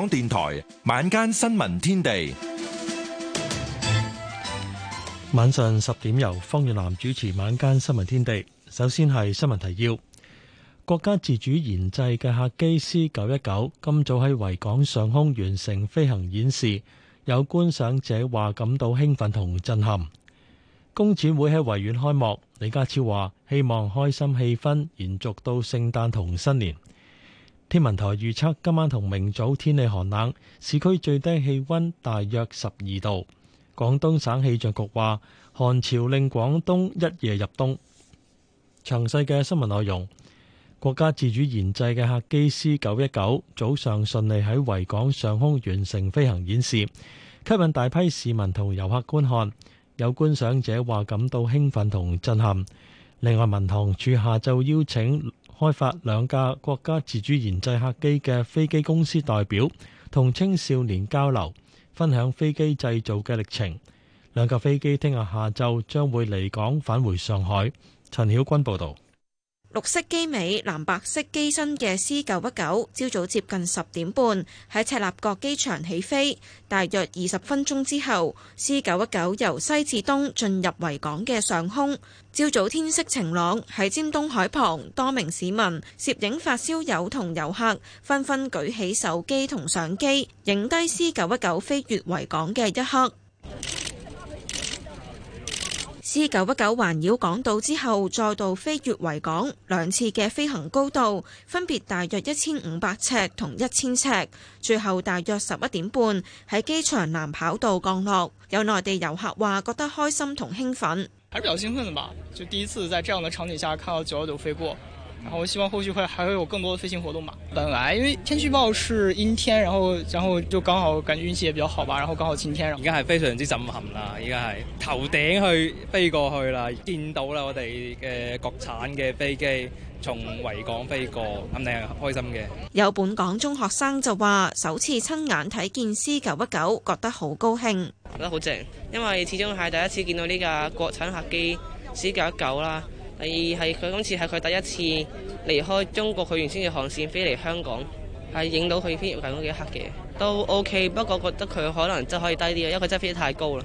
港電台晚間新聞天地，晚上十點由方月南主持晚間新聞天地。首先係新聞提要：國家自主研製嘅客機 C 九一九今早喺維港上空完成飛行演示，有觀賞者話感到興奮同震撼。工展會喺維園開幕，李家超話希望開心氣氛延續到聖誕同新年。天文台預測今晚同明早天氣寒冷，市區最低氣溫大約十二度。廣東省氣象局話寒潮令廣東一夜入冬。詳細嘅新聞內容，國家自主研製嘅客機 C 九一九早上順利喺維港上空完成飛行演示，吸引大批市民同遊客觀看。有觀賞者話感到興奮同震撼。另外，民航處下晝邀請開發兩架國家自主研製客機嘅飛機公司代表，同青少年交流，分享飛機製造嘅歷程。兩架飛機聽日下晝將會離港，返回上海。陳曉君報道。綠色機尾、藍白色機身嘅 C 九一九，朝早接近十點半喺赤鱲角機場起飛，大約二十分鐘之後，C 九一九由西至東進入維港嘅上空。朝早天色晴朗，喺尖東海旁，多名市民攝影發燒友同遊客紛紛舉起手機同相機，影低 C 九一九飛越維港嘅一刻。C 九一九環繞港島之後，再度飛越維港，兩次嘅飛行高度分別大約一千五百尺同一千尺，最後大約十一點半喺機場南跑道降落。有內地遊客話：覺得開心同興奮，還是比較興奮的吧，就第一次在這樣的場景下看到九一九飛過。然後我希望後續會還會有更多的飛行活動嘛。本來因為天氣預報是陰天，然後然後就剛好感覺運氣也比較好吧，然後剛好晴天。而家係非常之震撼啦，而家係頭頂去飛過去啦，見到啦，我哋嘅國產嘅飛機從維港飛過，肯定係開心嘅。有本港中學生就話首次親眼睇見 C 九一九，覺得好高興，覺得好正，因為始終係第一次見到呢架國產客機 C 九一九啦。係，係佢今次係佢第一次離開中國，佢原先嘅航線飛嚟香港，係影到佢飛入雲中嘅一刻嘅，都 OK。不過覺得佢可能就可以低啲，因為佢真係飛得太高啦。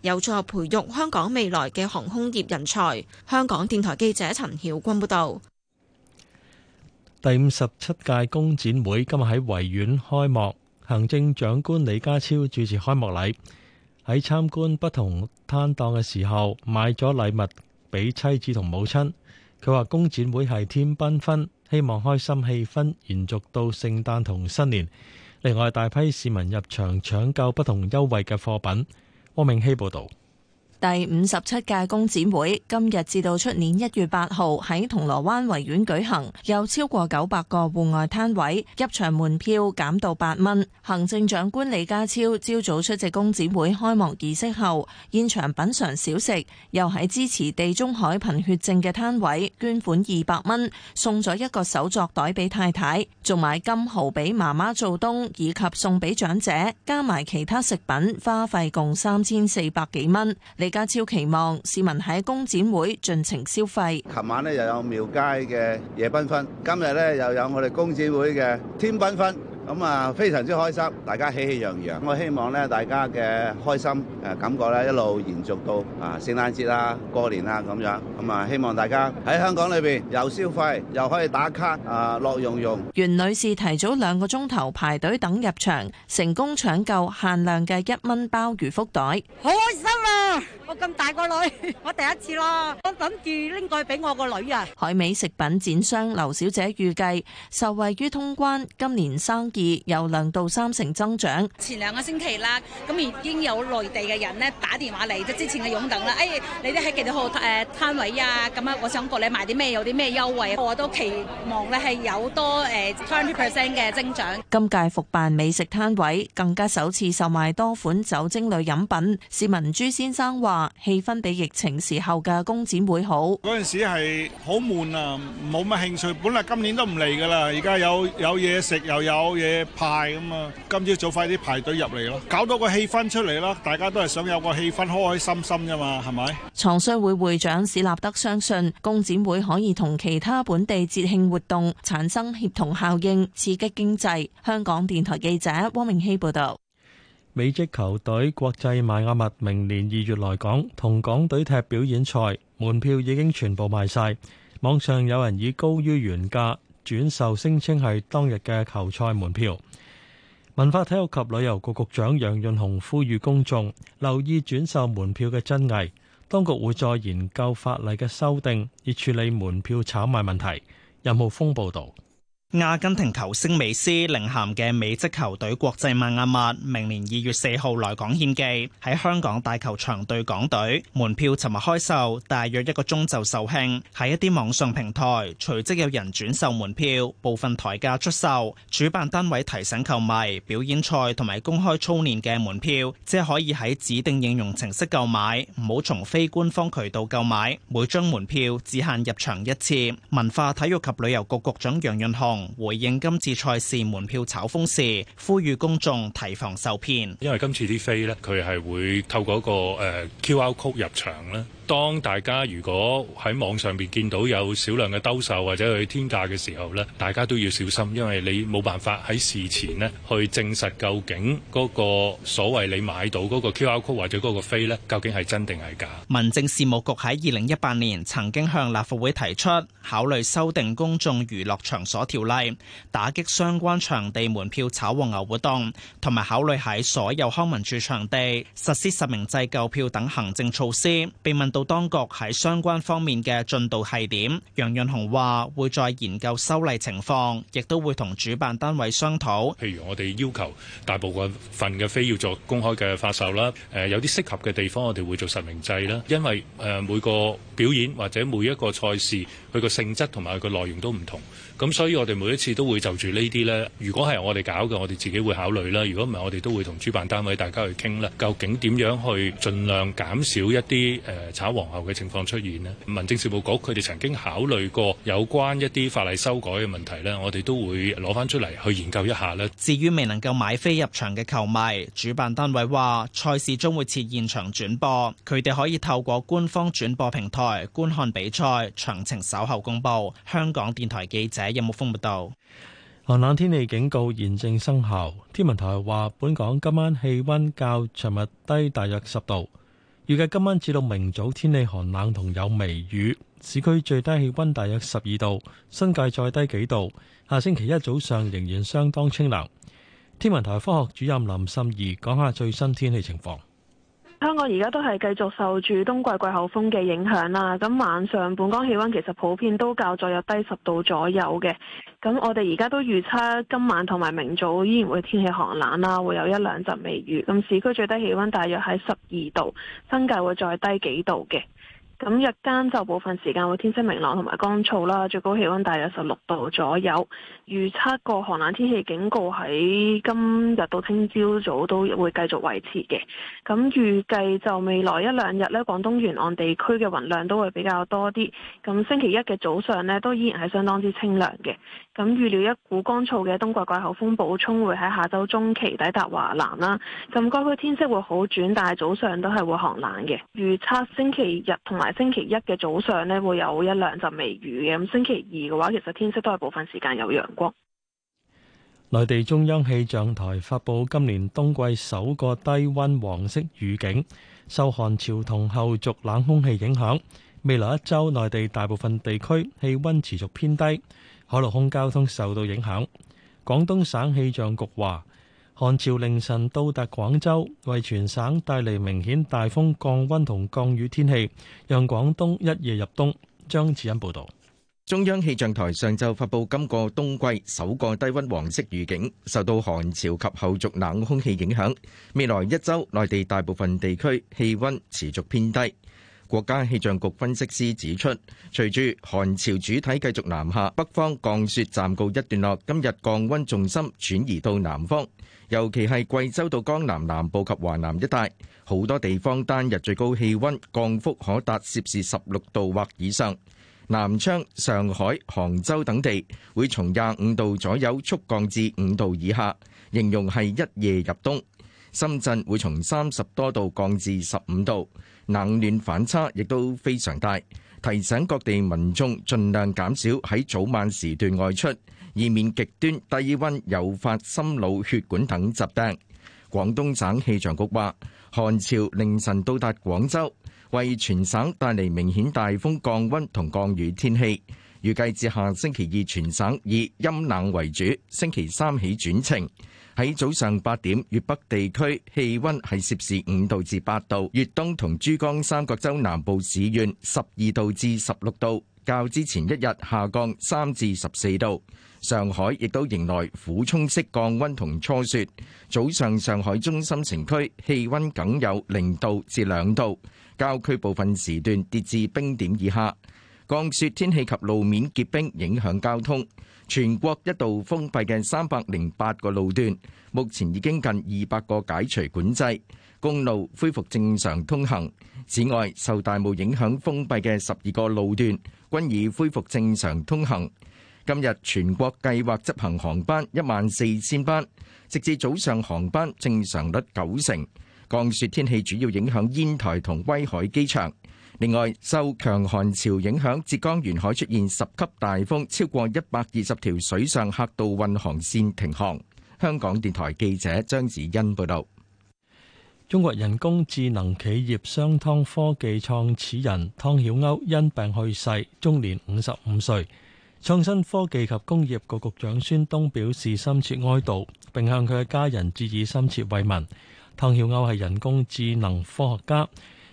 有助培育香港未來嘅航空業人才。香港電台記者陳曉君報道。第五十七屆工展會今日喺維園開幕，行政長官李家超主持開幕禮。喺參觀不同攤檔嘅時候，買咗禮物俾妻子同母親。佢話工展會係天繽紛，紛，希望開心氣氛延續到聖誕同新年。另外，大批市民入場搶購不同優惠嘅貨品。汪明希報道。第五十七屆工展會今日至到出年一月八號喺銅鑼灣維園舉行，有超過九百個戶外攤位，入場門票減到八蚊。行政長官李家超朝早出席工展會開幕儀式後，現場品嚐小食，又喺支持地中海貧血症嘅攤位捐款二百蚊，送咗一個手作袋俾太太，仲買金蠔俾媽媽做冬，以及送俾長者，加埋其他食品花費共三千四百幾蚊。家超期望市民喺工展會盡情消費。琴晚呢又有廟街嘅夜繽紛，今日呢又有我哋工展會嘅天繽紛，咁啊非常之開心，大家喜氣洋洋。我希望呢大家嘅開心誒感覺呢一路延續到啊聖誕節啦過年啦咁樣，咁啊希望大家喺香港裏邊又消費又可以打卡啊樂融融。袁女士提早兩個鐘頭排隊等入場，成功搶購限量嘅一蚊鮑魚福袋，好開心。我咁大個女，我第一次咯，我諗住拎過去俾我個女啊！海味食品展商劉小姐預計，受惠於通關，今年生意有兩到三成增長。前兩個星期啦，咁已經有內地嘅人咧，打電話嚟，即係之前嘅擁躉啦。哎，你哋喺幾多號誒攤位啊？咁啊，我想過你買啲咩，有啲咩優惠？我都期望咧，係有多誒 twenty percent 嘅增長。今屆復辦美食攤位，更加首次售賣多款酒精類飲品。市民朱先生。生活氣氛比疫情時候嘅工展會好。嗰陣時係好悶啊，冇乜興趣。本來今年都唔嚟噶啦，而家有有嘢食又有嘢派咁啊，今朝早快啲排隊入嚟咯，搞到個氣氛出嚟咯。大家都係想有個氣氛開開心心噶嘛，係咪？廠商會會長史立德相信工展會可以同其他本地節慶活動產生協同效應，刺激經濟。香港電台記者汪明希報道。美職球隊國際邁阿密明年二月來港同港隊踢表演賽，門票已經全部賣晒。網上有人以高於原價轉售，聲稱係當日嘅球賽門票。文化體育及旅遊局局長楊潤雄呼籲公眾留意轉售門票嘅真偽。當局會再研究法例嘅修訂，以處理門票炒賣問題。任浩峰報道。阿根廷球星美斯領銜嘅美職球隊國際邁阿密明年二月四號來港獻技，喺香港大球場對港隊。門票尋日開售，大約一個鐘就售罄。喺一啲網上平台，隨即有人轉售門票，部分抬價出售。主辦單位提醒球迷，表演賽同埋公開操練嘅門票，只可以喺指定應用程式購買，唔好從非官方渠道購買。每張門票只限入場一次。文化體育及旅遊局局長楊潤雄，回應今次賽事門票炒風時，呼籲公眾提防受騙。因為今次啲飛咧，佢係會透過個誒 QR code 入場啦。當大家如果喺網上邊見到有少量嘅兜售或者去天價嘅時候咧，大家都要小心，因為你冇辦法喺事前咧去證實究竟嗰個所謂你買到嗰個 QR code 或者嗰個飛咧，究竟係真定係假。民政事務局喺二零一八年曾經向立法會提出考慮修訂公眾娛樂場所條例。係打擊相關場地門票炒黃牛活動，同埋考慮喺所有康文處場地實施實名制購票等行政措施。被問到當局喺相關方面嘅進度係點，楊潤雄話會再研究修例情況，亦都會同主辦單位商討。譬如我哋要求大部分嘅飛要做公開嘅發售啦，誒有啲適合嘅地方我哋會做實名制啦，因為誒每個表演或者每一個賽事佢個性質同埋佢個內容都唔同。咁、嗯、所以，我哋每一次都會就住呢啲咧。如果係我哋搞嘅，我哋自己會考慮啦。如果唔係，我哋都會同主辦單位大家去傾啦，究竟點樣去盡量減少一啲誒、呃、炒黃牛嘅情況出現咧？民政事務局佢哋曾經考慮過有關一啲法例修改嘅問題咧，我哋都會攞翻出嚟去研究一下咧。至於未能夠買飛入場嘅球迷，主辦單位話賽事將會設現場轉播，佢哋可以透過官方轉播平台觀看比賽，詳情稍後公布。香港電台記者。有冇封唔到寒冷天氣警告現正生效。天文台話，本港今晚氣溫較尋日低大約十度，預計今晚至到明早天氣寒冷同有微雨，市區最低氣溫大約十二度，新界再低幾度。下星期一早上仍然相當清涼。天文台科學主任林心怡講下最新天氣情況。香港而家都係繼續受住冬季季候風嘅影響啦。咁晚上本港氣溫其實普遍都較昨日低十度左右嘅。咁我哋而家都預測今晚同埋明早依然會天氣寒冷啦，會有一兩陣微雨。咁市區最低氣溫大約喺十二度，新界會再低幾度嘅。咁日間就部分時間會天色明朗同埋乾燥啦，最高氣溫大約十六度左右。預測個寒冷天氣警告喺今日到聽朝早都會繼續維持嘅。咁預計就未來一兩日咧，廣東沿岸地區嘅雲量都會比較多啲。咁星期一嘅早上咧，都依然係相當之清涼嘅。咁預料一股乾燥嘅冬季季候風補充會喺下周中期抵達華南啦。咁該區天色會好轉，但係早上都係會寒冷嘅。預測星期日同埋。星期一嘅早上呢，會有一兩陣微雨嘅。咁星期二嘅話，其實天色都係部分時間有陽光。內地中央氣象台發布今年冬季首個低温黃色預警，受寒潮同後續冷空氣影響，未來一週內地大部分地區氣温持續偏低，海陸空交通受到影響。廣東省氣象局話。寒潮凌晨到達廣州，為全省帶嚟明顯大風、降温同降雨天氣，讓廣東一夜入冬。張智恩報導。中央氣象台上晝發佈今個冬季首個低温黃色預警，受到寒潮及後續冷空氣影響，未來一週內地大部分地區氣温持續偏低。國家氣象局分析師指出，隨住寒潮主體繼續南下，北方降雪暫告一段落。今日降温重心轉移到南方，尤其係貴州到江南南部及華南一帶，好多地方單日最高氣温降幅可達攝氏十六度或以上。南昌、上海、杭州等地會從廿五度左右速降至五度以下，形容係一夜入冬。深圳會從三十多度降至十五度。冷暖反差亦都非常大，提醒各地民眾盡量減少喺早晚時段外出，以免極端低温誘發心腦血管等疾病。廣東省氣象局話，寒潮凌晨到達廣州，為全省帶嚟明顯大風、降温同降雨天氣。預計至下星期二全省以陰冷為主，星期三起轉晴。喺早上八點，粵北地區氣温係攝氏五度至八度，粵東同珠江三角洲南部市縣十二度至十六度，較之前一日下降三至十四度。上海亦都迎來俯衝式降温同初雪。早上上海中心城區氣温僅有零度至兩度，郊區部分時段跌至冰點以下。降雪天氣及路面結冰影響交通，全國一度封閉嘅三百零八個路段，目前已經近二百個解除管制，公路恢復正常通行。此外，受大霧影響封閉嘅十二個路段，均已恢復正常通行。今日全國計劃執行航班一萬四千班，直至早上航班正常率九成。降雪天氣主要影響煙台同威海機場。另外，受強寒潮影響，浙江沿海出現十級大風，超過一百二十條水上客渡運航線停航。香港電台記者張子欣報導。中國人工智能企業商湯科技創始人湯曉鷗因病去世，終年五十五歲。創新科技及工業局局長孫東表示深切哀悼，並向佢嘅家人致以深切慰問。湯曉鷗係人工智能科學家。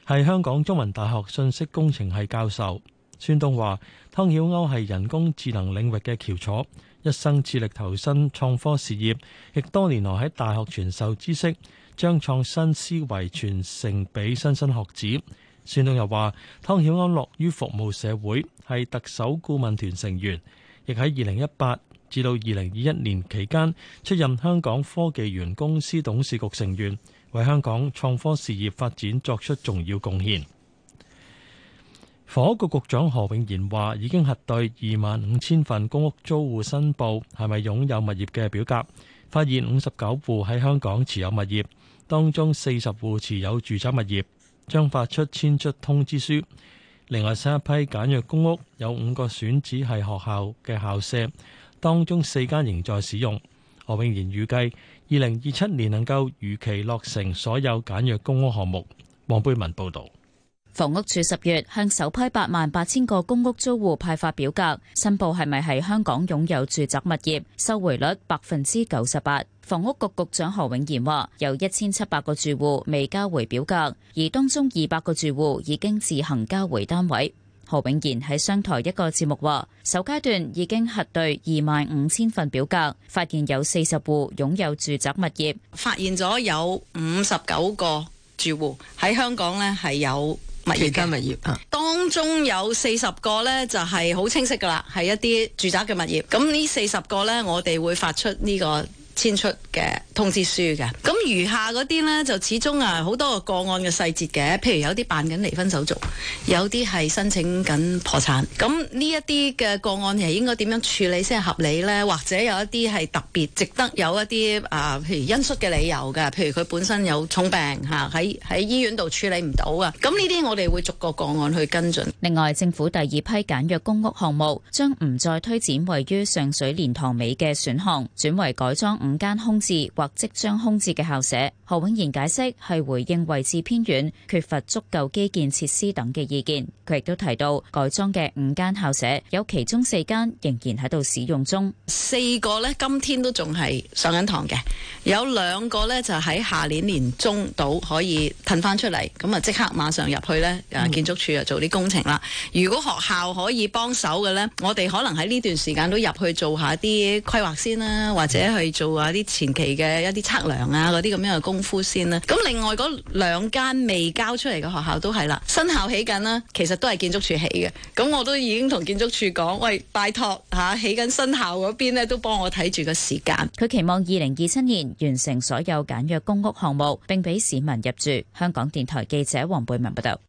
係香港中文大學信息工程系教授孫東話：湯曉歐係人工智能領域嘅翹楚，一生致力投身創科事業，亦多年來喺大學傳授知識，將創新思維傳承俾新生學子。孫東又話：湯曉歐樂於服務社會，係特首顧問團成員，亦喺二零一八至到二零二一年期間出任香港科技園公司董事局成員。為香港創科事業發展作出重要貢獻。房屋局局長何永賢話，已經核對二萬五千份公屋租戶申報係咪擁有物業嘅表格，發現五十九戶喺香港持有物業，當中四十戶持有住宅物業，將發出遷出通知書。另外，新一批簡約公屋有五個選址係學校嘅校舍，當中四間仍在使用。何永賢預計。二零二七年能夠如期落成所有簡約公屋項目。黃貝文報道，房屋署十月向首批八萬八千個公屋租戶派發表格，申報係咪喺香港擁有住宅物業，收回率百分之九十八。房屋局局長何永賢話，有一千七百個住戶未交回表格，而當中二百個住戶已經自行交回單位。何永賢喺商台一個節目話，首階段已經核對二萬五千份表格，發現有四十戶擁有住宅物業，發現咗有五十九個住戶喺香港咧係有物業、間物業啊，當中有四十個呢，就係好清晰噶啦，係一啲住宅嘅物業。咁呢四十個呢，我哋會發出呢、這個。簽出嘅通知書嘅。咁餘下嗰啲呢，就始終啊好多個案嘅細節嘅，譬如有啲辦緊離婚手續，有啲係申請緊破產，咁呢一啲嘅個案係應該點樣處理先係合理呢？或者有一啲係特別值得有一啲啊，譬如因素嘅理由嘅，譬如佢本身有重病嚇喺喺醫院度處理唔到啊，咁呢啲我哋會逐個個案去跟進。另外，政府第二批簡約公屋項目將唔再推展位於上水蓮塘尾嘅選項，轉為改裝。五間空置或即將空置嘅校舍，何永賢解釋係回應位置偏遠、缺乏足夠基建設施等嘅意見。佢亦都提到，改裝嘅五間校舍有其中四間仍然喺度使用中，四個呢今天都仲係上緊堂嘅，有兩個呢就喺下年年中到可以褪翻出嚟，咁啊即刻馬上入去呢建築署啊做啲工程啦。如果學校可以幫手嘅呢，我哋可能喺呢段時間都入去做下啲規劃先啦，或者去做。話啲前期嘅一啲測量啊，嗰啲咁樣嘅功夫先啦、啊。咁另外嗰兩間未交出嚟嘅學校都係啦，新校起緊啦，其實都係建築署起嘅。咁我都已經同建築署講，喂，拜託吓，起、啊、緊新校嗰邊呢，都幫我睇住個時間。佢期望二零二七年完成所有簡約公屋項目，並俾市民入住。香港電台記者黃貝文報道。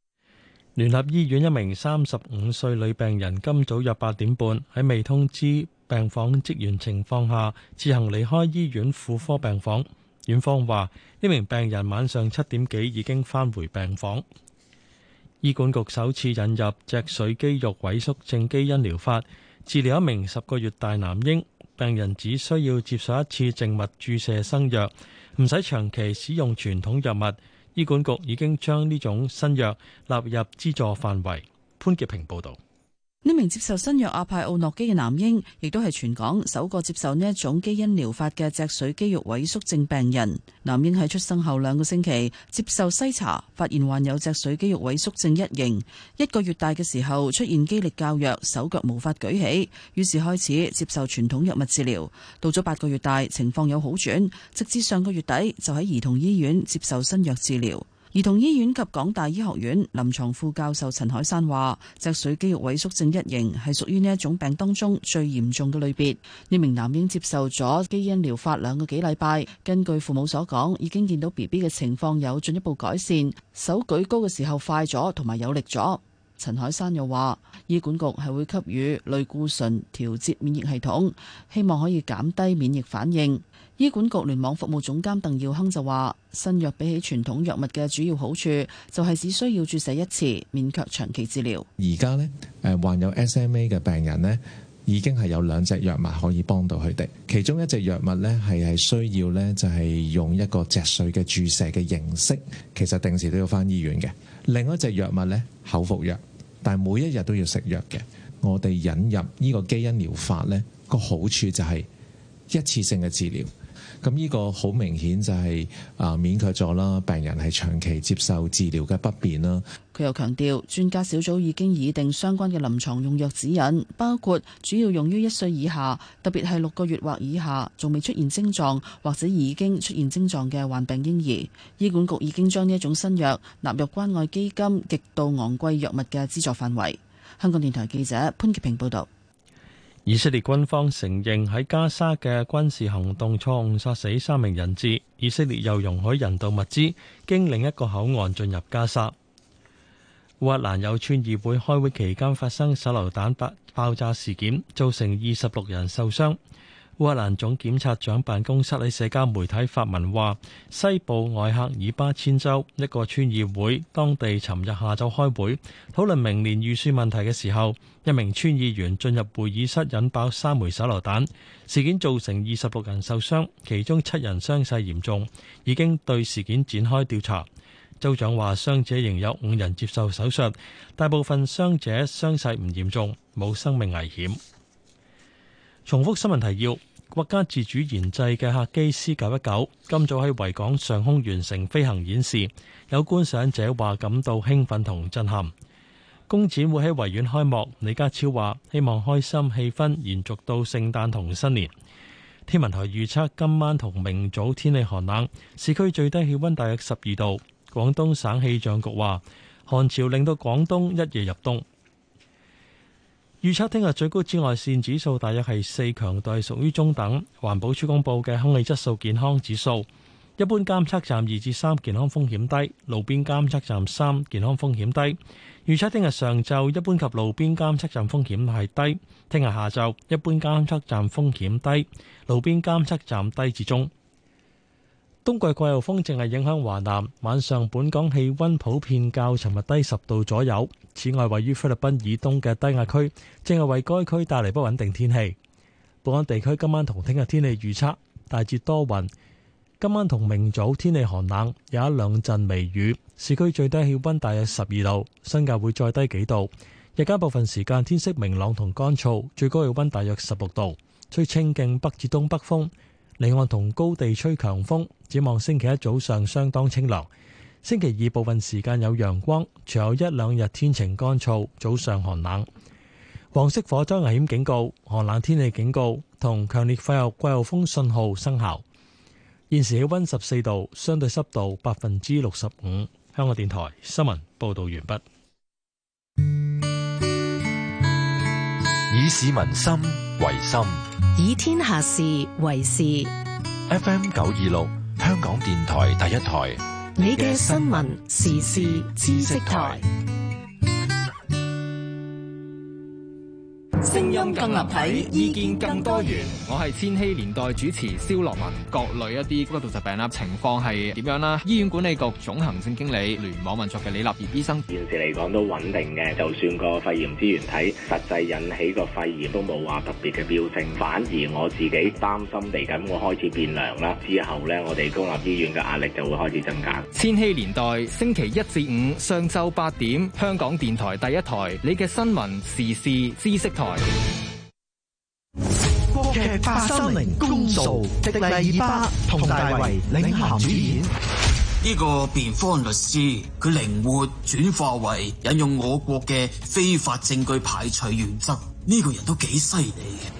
聯合醫院一名三十五歲女病人今早約八點半，喺未通知。病房職員情況下自行離開醫院婦科病房。院方話呢名病人晚上七點幾已經返回病房。醫管局首次引入脊髓肌肉萎縮症基因療法，治療一名十個月大男嬰。病人只需要接受一次靜脈注射新藥，唔使長期使用傳統藥物。醫管局已經將呢種新藥納入資助範圍，潘潔平報道。呢名接受新藥阿派奧諾基嘅男嬰，亦都係全港首個接受呢一種基因療法嘅脊髓肌肉萎縮症病人。男嬰喺出生後兩個星期接受篩查，發現患有脊髓肌肉萎縮症一型。一個月大嘅時候出現肌力較弱，手腳無法舉起，於是開始接受傳統藥物治療。到咗八個月大，情況有好轉，直至上個月底就喺兒童醫院接受新藥治療。兒童醫院及港大醫學院臨床副教授陳海山話：脊髓肌肉萎縮症一型係屬於呢一種病當中最嚴重嘅類別。呢名男嬰接受咗基因療法兩個幾禮拜，根據父母所講，已經見到 BB 嘅情況有進一步改善，手舉高嘅時候快咗同埋有力咗。陳海山又話：醫管局係會給予類固醇調節免疫系統，希望可以減低免疫反應。醫管局聯網服務總監鄧耀亨就話：新藥比起傳統藥物嘅主要好處就係只需要注射一次，免卻長期治療。而家咧，誒患有 SMA 嘅病人咧，已經係有兩隻藥物可以幫到佢哋。其中一隻藥物咧係係需要咧就係、是、用一個脊髓嘅注射嘅形式，其實定時都要翻醫院嘅。另一隻藥物咧口服藥，但係每一日都要食藥嘅。我哋引入呢個基因療法咧個好處就係一次性嘅治療。咁呢個好明顯就係啊，勉強咗啦，病人係長期接受治療嘅不便啦。佢又強調，專家小組已經擬定相關嘅臨床用藥指引，包括主要用於一歲以下，特別係六個月或以下，仲未出現症狀或者已經出現症狀嘅患病嬰兒。醫管局已經將呢一種新藥納入關愛基金極度昂貴藥物嘅資助範圍。香港電台記者潘潔平報道。以色列軍方承認喺加沙嘅軍事行動錯誤殺死三名人質，以色列又容許人道物資經另一個口岸進入加沙。烏克蘭有村議會開會期間發生手榴彈爆爆炸事件，造成二十六人受傷。烏克蘭總檢察長辦公室喺社交媒體發文話，西部外喀爾巴阡州一個村議會當地尋日下晝開會討論明年預算問題嘅時候，一名村議員進入會議室引爆三枚手榴彈，事件造成二十六人受傷，其中七人傷勢嚴重，已經對事件展開調查。州長話傷者仍有五人接受手術，大部分傷者傷勢唔嚴重，冇生命危險。重複新聞提要。國家自主研製嘅客機 C919 今早喺維港上空完成飛行演示，有觀賞者話感到興奮同震撼。工展會喺維園開幕，李家超話希望開心氣氛延續到聖誕同新年。天文台預測今晚同明早天氣寒冷，市區最低氣溫大約十二度。廣東省氣象局話寒潮令到廣東一夜入冬。預測聽日最高紫外線指數大約係四，強度係屬於中等。環保署公布嘅空氣質素健康指數，一般監測站二至三，健康風險低；路邊監測站三，健康風險低。預測聽日上晝一般及路邊監測站風險係低，聽日下晝一般監測站風險低，路邊監測站低至中。冬季季候風正係影響華南，晚上本港氣溫普遍較尋日低十度左右。此外，位於菲律賓以東嘅低壓區正係為該區帶嚟不穩定天氣，本港地區今晚同聽日天氣預測大致多雲，今晚同明早天氣寒冷，有一兩陣微雨。市區最低氣溫大約十二度，新界會再低幾度。日間部分時間天色明朗同乾燥，最高氣溫大約十六度，吹清勁北至東北風。離岸同高地吹強風，展望星期一早上相當清涼。星期二部分時間有陽光，除有一兩日天晴乾燥，早上寒冷。黃色火災危險警告，寒冷天氣警告同強烈季候季候風信號生效。現時氣溫十四度，相對濕度百分之六十五。香港電台新聞報道完畢。以市民心為心。以天下事為事。FM 九二六香港電台第一台，你嘅新聞時事知識台。音更立體，意見更多元。我係千禧年代主持蕭樂文。各類一啲呼吸道疾病啊，情況係點樣啦？醫院管理局總行政經理、聯網運作嘅李立業醫生，現時嚟講都穩定嘅。就算個肺炎支原體實際引起個肺炎，都冇話特別嘅飆升。反而我自己擔心地咁，會開始變涼啦。之後呢，我哋公立醫院嘅壓力就會開始增加。千禧年代星期一至五上晝八點，香港電台第一台，你嘅新聞時事知識台。《劇八三零公訴》迪麗巴同大為領銜主演，呢個辯方律師佢靈活轉化為引用我國嘅非法證據排除原則，呢個人都幾犀利，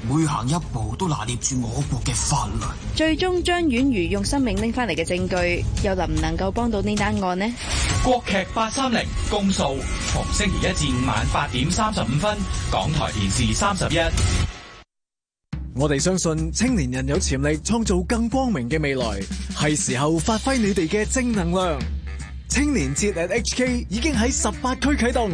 每行一步都拿捏住我國嘅法律。最終，張婉如用生命拎翻嚟嘅證據，又能唔能夠幫到呢單案呢？國劇八三零公訴，逢星期一至五晚八點三十五分，港台電視三十一。我哋相信青年人有潛力創造更光明嘅未來，係時候發揮你哋嘅正能量。青年節 at HK 已經喺十八區啟動，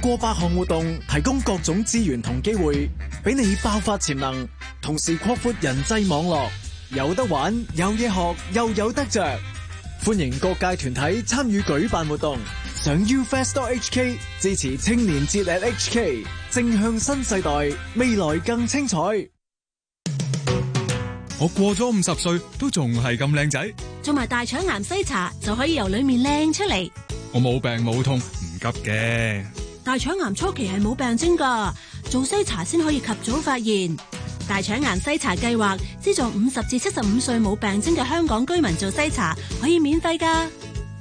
過百項活動提供各種資源同機會俾你爆發潛能，同時擴闊人際網絡。有得玩，有嘢學，又有得着。歡迎各界團體參與舉辦活動，上 ufest.hk 支持青年節 at HK，正向新世代，未來更精彩。我過咗五十歲都仲係咁靚仔，做埋大腸癌篩查就可以由裏面靚出嚟。我冇病冇痛，唔急嘅。大腸癌初期係冇病徵噶，做篩查先可以及早發現。大腸癌篩查計劃資助五十至七十五歲冇病徵嘅香港居民做篩查，可以免費噶。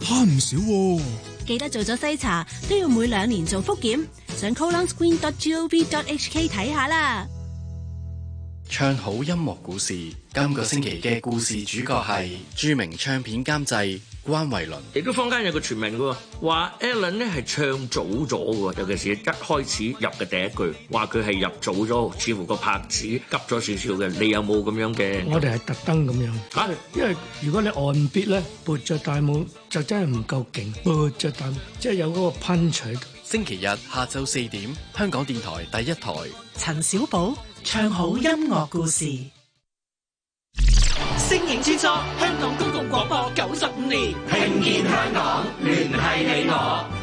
慳唔少喎。記得做咗篩查都要每兩年做複檢，上 colonscreen.gov.hk 睇下啦。唱好音樂故事，今個星期嘅故事主角係著名唱片監製關維倫，亦都坊間有個傳聞嘅，話 Alan 咧係唱早咗嘅，尤其是一開始入嘅第一句，話佢係入早咗，似乎個拍子急咗少少嘅。你有冇咁樣嘅？我哋係特登咁樣，啊、因為如果你按別咧，撥着大帽就真係唔夠勁，撥着大帽，即係有嗰個噴水。星期日下晝四點，香港電台第一台，陳小寶。唱好音樂故事，星影穿梭香港公共廣播九十五年，聽見香港，聯繫你我。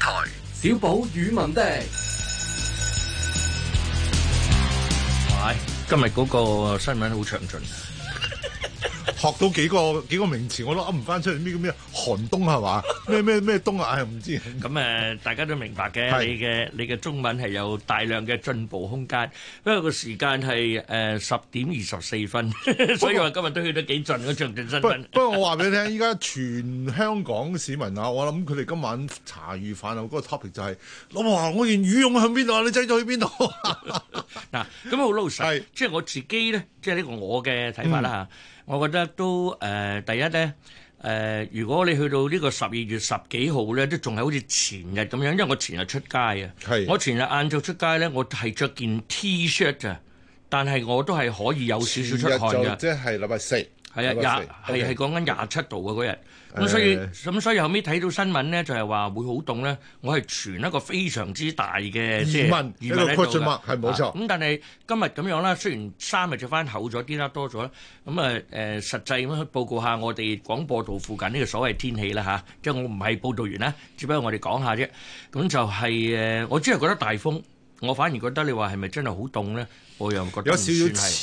對小寶語文的，喂，今日嗰個新聞好詳盡。學到幾個幾個名詞，我都諗唔翻出嚟。咩叫咩寒冬係嘛？咩咩咩冬啊？唉，唔知。咁誒，大家都明白嘅。係嘅，你嘅中文係有大量嘅進步空間。不過個時間係誒十點二十四分，所以我今日都去得幾盡，我不過我話俾你聽，依家全香港市民啊，我諗佢哋今晚茶餘飯後嗰個 topic 就係：老婆，我件羽絨喺邊度啊？你擠咗去邊度？嗱，咁好老實。即係我自己咧，即係呢個我嘅睇法啦嚇。我覺得都誒、呃，第一呢。誒、呃，如果你去到呢個十二月十幾號呢，都仲係好似前日咁樣，因為我前日出街啊，是我前日晏晝出街呢，我係着件 T-shirt 咋，但係我都係可以有少少出汗㗎。前日就即係禮拜四。係啊，廿，係係講緊廿七度嘅嗰日，咁 Okay. 所以咁、嗯、所以後尾睇到新聞咧，就係、是、話會好凍咧。我係傳一個非常之大嘅疑問，疑問喺度嘅，係冇錯。咁、啊、但係今日咁樣啦，雖然三日著翻厚咗啲啦，多咗啦，咁啊誒實際咁去報告下我哋廣播道附近呢、這個所謂天氣啦吓，即係我唔係報道員啦，只不過我哋講下啫。咁就係、是、誒、呃，我只係覺得大風，我反而覺得你話係咪真係好凍咧？我又覺得有少